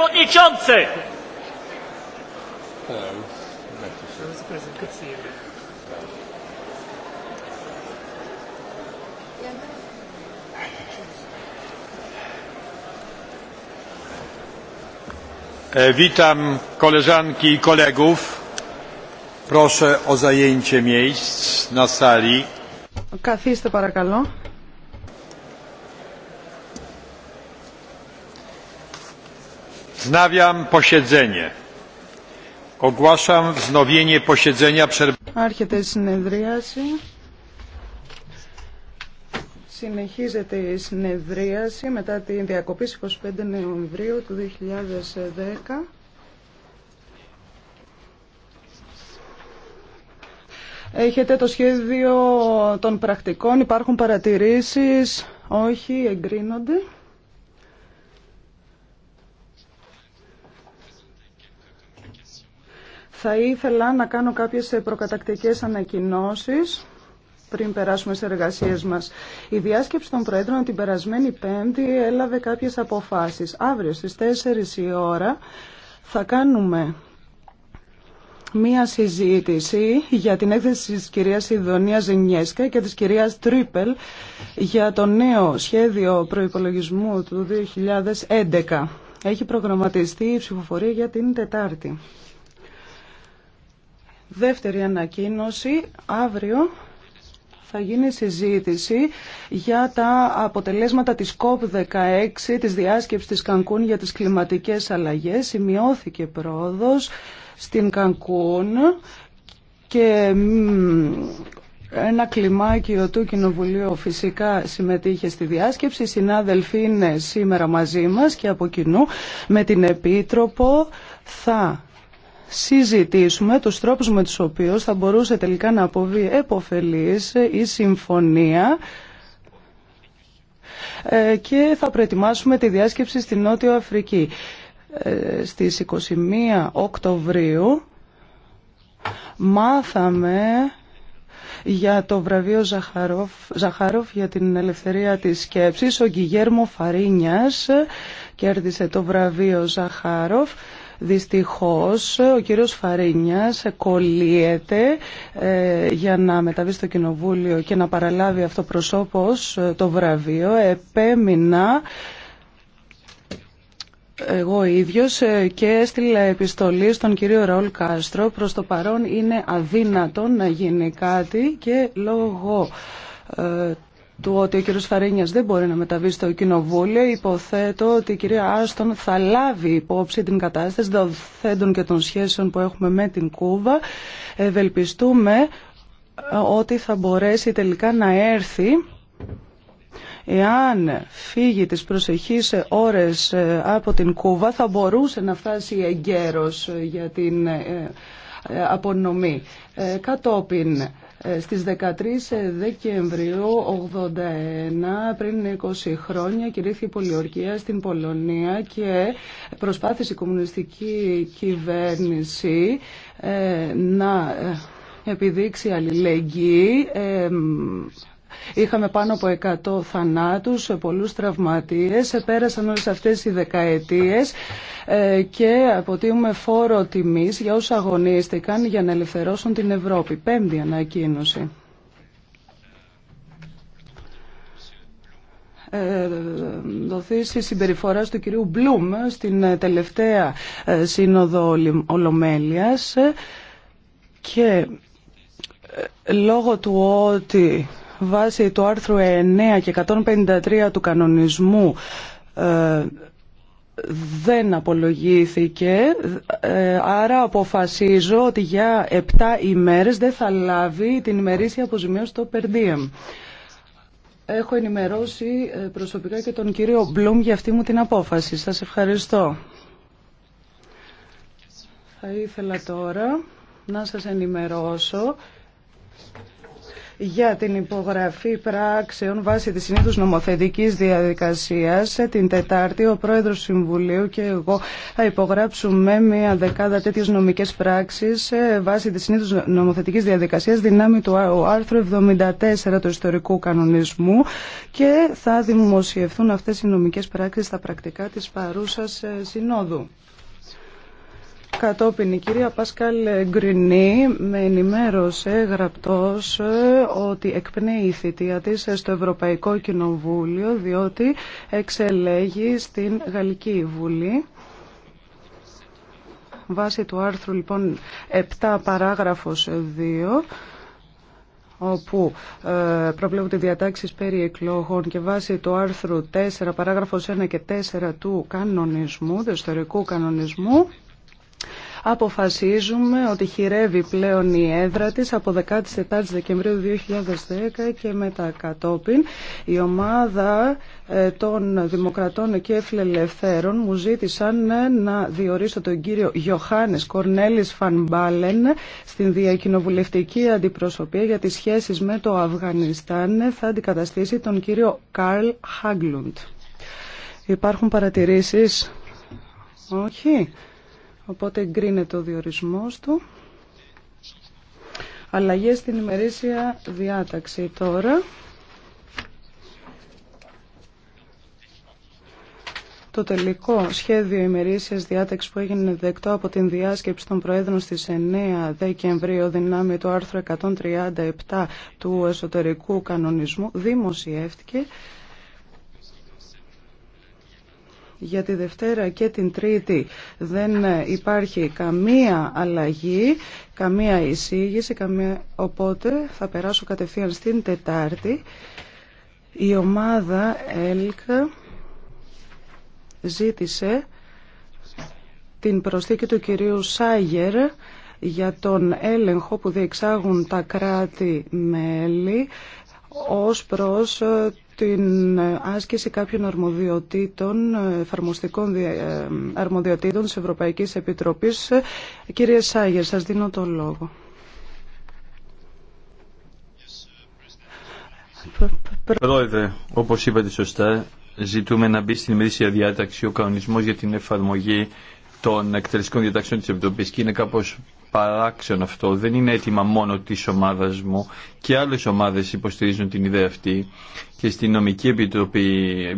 przewodniczący! Witam koleżanki i kolegów. Proszę o zajęcie miejsc na sali. Καθίστε παρακαλώ. Wznawiam posiedzenie. Ogłaszam wznowienie posiedzenia Άρχεται η συνεδρίαση. Συνεχίζεται η συνεδρίαση μετά την διακοπή 25 Νοεμβρίου του 2010. Έχετε το σχέδιο των πρακτικών. Υπάρχουν παρατηρήσεις. Όχι, εγκρίνονται. Θα ήθελα να κάνω κάποιες προκατακτικές ανακοινώσεις πριν περάσουμε σε εργασίες μας. Η διάσκεψη των Προέδρων την περασμένη Πέμπτη έλαβε κάποιες αποφάσεις. Αύριο στις 4 η ώρα θα κάνουμε μία συζήτηση για την έκθεση της κυρίας Ιδονία Ζενιέσκα και της κυρίας Τρίπελ για το νέο σχέδιο προϋπολογισμού του 2011. Έχει προγραμματιστεί η ψηφοφορία για την Τετάρτη. Δεύτερη ανακοίνωση, αύριο θα γίνει συζήτηση για τα αποτελέσματα της COP16, της διάσκεψης της Κανκούν για τις κλιματικές αλλαγές. Σημειώθηκε πρόοδος στην Κανκούν και ένα κλιμάκιο του Κοινοβουλίου φυσικά συμμετείχε στη διάσκεψη. Οι συνάδελφοι είναι σήμερα μαζί μας και από κοινού με την Επίτροπο θα συζητήσουμε τους τρόπους με τους οποίους θα μπορούσε τελικά να αποβεί επωφελής η συμφωνία ε, και θα προετοιμάσουμε τη διάσκεψη στη Νότιο Αφρική. Ε, στις 21 Οκτωβρίου μάθαμε για το βραβείο Ζαχαρόφ, για την ελευθερία της σκέψης. Ο Γκυγέρμο Φαρίνιας κέρδισε το βραβείο Ζαχαρόφ. Δυστυχώς ο κύριος Φαρίνιας κολλείεται ε, για να μεταβεί στο Κοινοβούλιο και να παραλάβει αυτοπροσώπως ε, το βραβείο. Επέμεινα εγώ ίδιος ε, και έστειλα επιστολή στον κύριο Ραούλ Κάστρο. Προς το παρόν είναι αδύνατο να γίνει κάτι και λόγω του ότι ο κύριος Φαρίνιας δεν μπορεί να μεταβεί στο Κοινοβούλιο, υποθέτω ότι η κυρία Άστον θα λάβει υπόψη την κατάσταση δοθέντων και των σχέσεων που έχουμε με την Κούβα. Ευελπιστούμε ε, ότι θα μπορέσει τελικά να έρθει εάν φύγει τις προσεχείς ώρες ε, από την Κούβα θα μπορούσε να φτάσει εγκαίρος ε, για την απονομή. Κατόπιν στις 13 Δεκεμβρίου 81, πριν 20 χρόνια, κηρύχθη η πολιορκία στην Πολωνία και προσπάθησε η κομμουνιστική κυβέρνηση ε, να ε, επιδείξει αλληλεγγύη ε, Είχαμε πάνω από 100 θανάτους, πολλούς τραυματίες. Πέρασαν όλες αυτές οι δεκαετίες ε, και αποτείουμε φόρο τιμής για όσους αγωνίστηκαν για να ελευθερώσουν την Ευρώπη. Πέμπτη ανακοίνωση. Ε, δοθεί η συμπεριφορά του κυρίου Μπλουμ στην τελευταία ε, σύνοδο Ολομέλειας και λόγω του ότι βάσει του άρθρου 9 και 153 του κανονισμού ε, δεν απολογήθηκε, ε, άρα αποφασίζω ότι για 7 ημέρες δεν θα λάβει την ημερήσια αποζημίωση στο diem. Έχω ενημερώσει ε, προσωπικά και τον κύριο Μπλουμ για αυτή μου την απόφαση. Σας ευχαριστώ. Θα ήθελα τώρα να σας ενημερώσω για την υπογραφή πράξεων βάσει της συνήθους νομοθετικής διαδικασίας. Την Τετάρτη ο Πρόεδρος Συμβουλίου και εγώ θα υπογράψουμε μια δεκάδα τέτοιες νομικές πράξεις ε, βάσει της συνήθους νομοθετικής διαδικασίας δυνάμει του άρθρου 74 του ιστορικού κανονισμού και θα δημοσιευθούν αυτές οι νομικές πράξεις στα πρακτικά της παρούσας ε, συνόδου. Κατόπιν η κυρία Πάσκαλ Γκρινή με ενημέρωσε γραπτός ε, ότι εκπνέει η θητεία της στο Ευρωπαϊκό Κοινοβούλιο διότι εξελέγει στην Γαλλική Βουλή. Βάσει του άρθρου λοιπόν 7 παράγραφος 2 όπου ε, προβλέπονται διατάξεις περί εκλογών και βάσει το άρθρου 4, παράγραφος 1 και 4 του κανονισμού, του ιστορικού κανονισμού, αποφασίζουμε ότι χειρεύει πλέον η έδρα της από 14 Δεκεμβρίου 2010 και μετά κατόπιν. Η ομάδα ε, των Δημοκρατών και Φιλελευθέρων μου ζήτησαν ε, να διορίσω τον κύριο Γιωχάνης Κορνέλης Φανμπάλεν στην διακοινοβουλευτική αντιπροσωπεία για τις σχέσεις με το Αφγανιστάν θα αντικαταστήσει τον κύριο Καρλ Χάγκλουντ. Υπάρχουν παρατηρήσεις. Όχι. Οπότε εγκρίνεται ο διορισμός του. Αλλαγές στην ημερήσια διάταξη τώρα. Το τελικό σχέδιο ημερήσιας διάταξη που έγινε δεκτό από την διάσκεψη των Προέδρων στις 9 Δεκεμβρίου δυνάμει του άρθρου 137 του εσωτερικού κανονισμού δημοσιεύτηκε για τη Δευτέρα και την Τρίτη δεν υπάρχει καμία αλλαγή, καμία εισήγηση, καμία... οπότε θα περάσω κατευθείαν στην Τετάρτη. Η ομάδα ΕΛΚ ζήτησε την προσθήκη του κυρίου Σάγερ για τον έλεγχο που διεξάγουν τα κράτη-μέλη ως προς την άσκηση κάποιων αρμοδιοτήτων, εφαρμοστικών ε, αρμοδιοτήτων της Ευρωπαϊκής Επιτροπής. Κύριε Σάγερ, σας δίνω το λόγο. Πρόεδρε, όπως είπατε σωστά, ζητούμε να μπει στην ημερήσια διάταξη ο κανονισμός για την εφαρμογή των εκτελεστικών διατάξεων της Επιτροπής και είναι κάπως παράξενο αυτό. Δεν είναι αίτημα μόνο τη ομάδα μου. Και άλλες ομάδες υποστηρίζουν την ιδέα αυτή. Και στην νομική επιτροπή